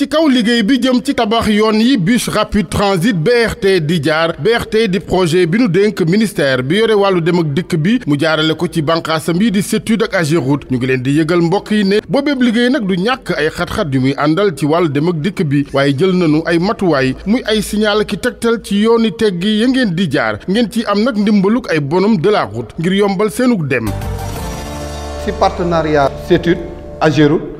ci kaw liggéey bi jëm ci tabax yoon yi bus rapide transit BRT di jaar BRT di projet bi nu dénk ministère bi yore wàllu dem ak dikk bi mu jaarale ko ci banqaasam yi di Sétude ak Ageroute ñu ngi leen di yëgal mbokk yi ne boobeeb liggéey nag du ñàkk ay xat-xat yu muy àndal ci wàllu dem ak dikk bi waaye jël nañu ay matuwaay muy ay signal ki tegtal ci yooni teggi ya ngeen di jaar ngeen ci am nag ndimbaluk ay bonum de la route ngir yombal seenug dem. ci partenariat Sétude Ageroute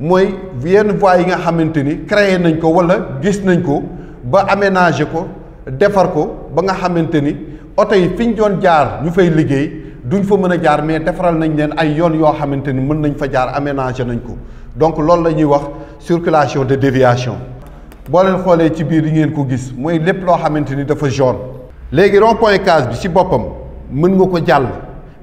mooy yenn voies yi nga xamante ni créé nañ ko walla gis nañ ko ba aménagé ko defar ko ba nga xamante ni oto yi fi doon jaar ñu fay liggéey duñ fa mën a jaar mais defaral nañ leen ay yoon yoo xamante ni mën nañ fa jaar aménagé nañ ko donc loolu la ñuy wax circulation de déviation boo leen xoolee ci biir yi ngeen ko gis mooy lépp loo xamante ni dafa jaune. léegi rond point case bi ci boppam mën nga ko jàll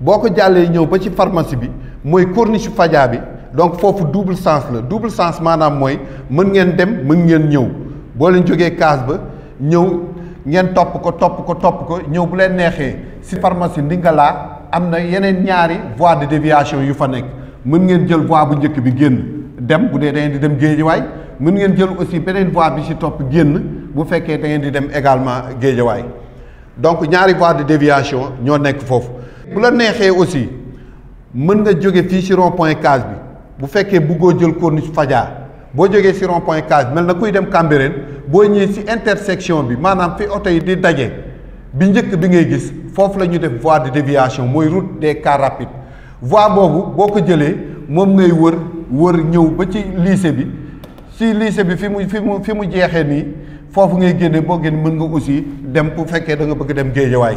boo ko jàllee ñëw ba ci pharmacie bi mooy corniche Fadia bi. donc foofu double sens la double sens maanaam mooy mën ngeen dem mën ngeen ñëw boo leen jógee kaas ba ñëw ngeen topp ko topp ko topp ko ñëw bu leen neexee si pharmacie Ndingala am na yeneen ñaari voie de déviation yu fa nekk mën ngeen jël voie bu njëkk bi génn dem bu dee da ngeen di dem géejawaay mën ngeen jël aussi beneen voie bi si topp génn bu fekkee da ngeen di dem également géejawaay donc ñaari voie de déviation ñoo nekk foofu bu la neexee aussi mën nga jóge fii si rond point bi bu fekkee buggoo jël corniche Fadia boo jógee si rond point case mel na kuy dem Cambérène boo ñëwee si intersection bi maanaam fi oto yi di daje bi njëkk bi ngay gis foofu la ñu def voie de déviation mooy route des cars rapides voie boobu boo ko jëlee moom ngay wër wër ñëw ba ci lycée bi si lycée bi fi mu fi mu fi mu jeexee nii foofu ngay génne boo génn mën nga aussi dem bu fekkee da nga bëgg dem géejawaay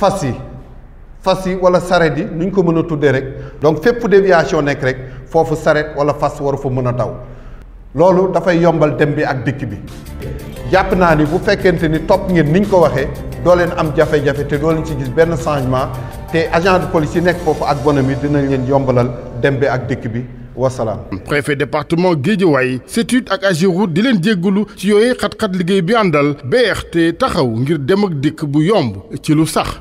fas yi fas yi wala saret yi nu ñu ko mën a tuddee rek donc fépp déviation nekk rek foofu saret wala fas waru fa mën a daw loolu dafay yombal dem bi ak dikk bi jàpp naa ni bu fekkente ni topp ngeen ni ñu ko waxee doo leen am jafe-jafe te doo leen ci gis benn changement te agent de police yi nekk foofu ak bonam yi dinañ leen yombalal dem bi ak dikk bi wasalaam. préfet département Guédiawaye CETUD ak AGEROUTE di leen jéggalu ci yooyu xat-xat liggéey bi àndal BRT taxaw ngir dem ak dikk bu yomb ci lu sax.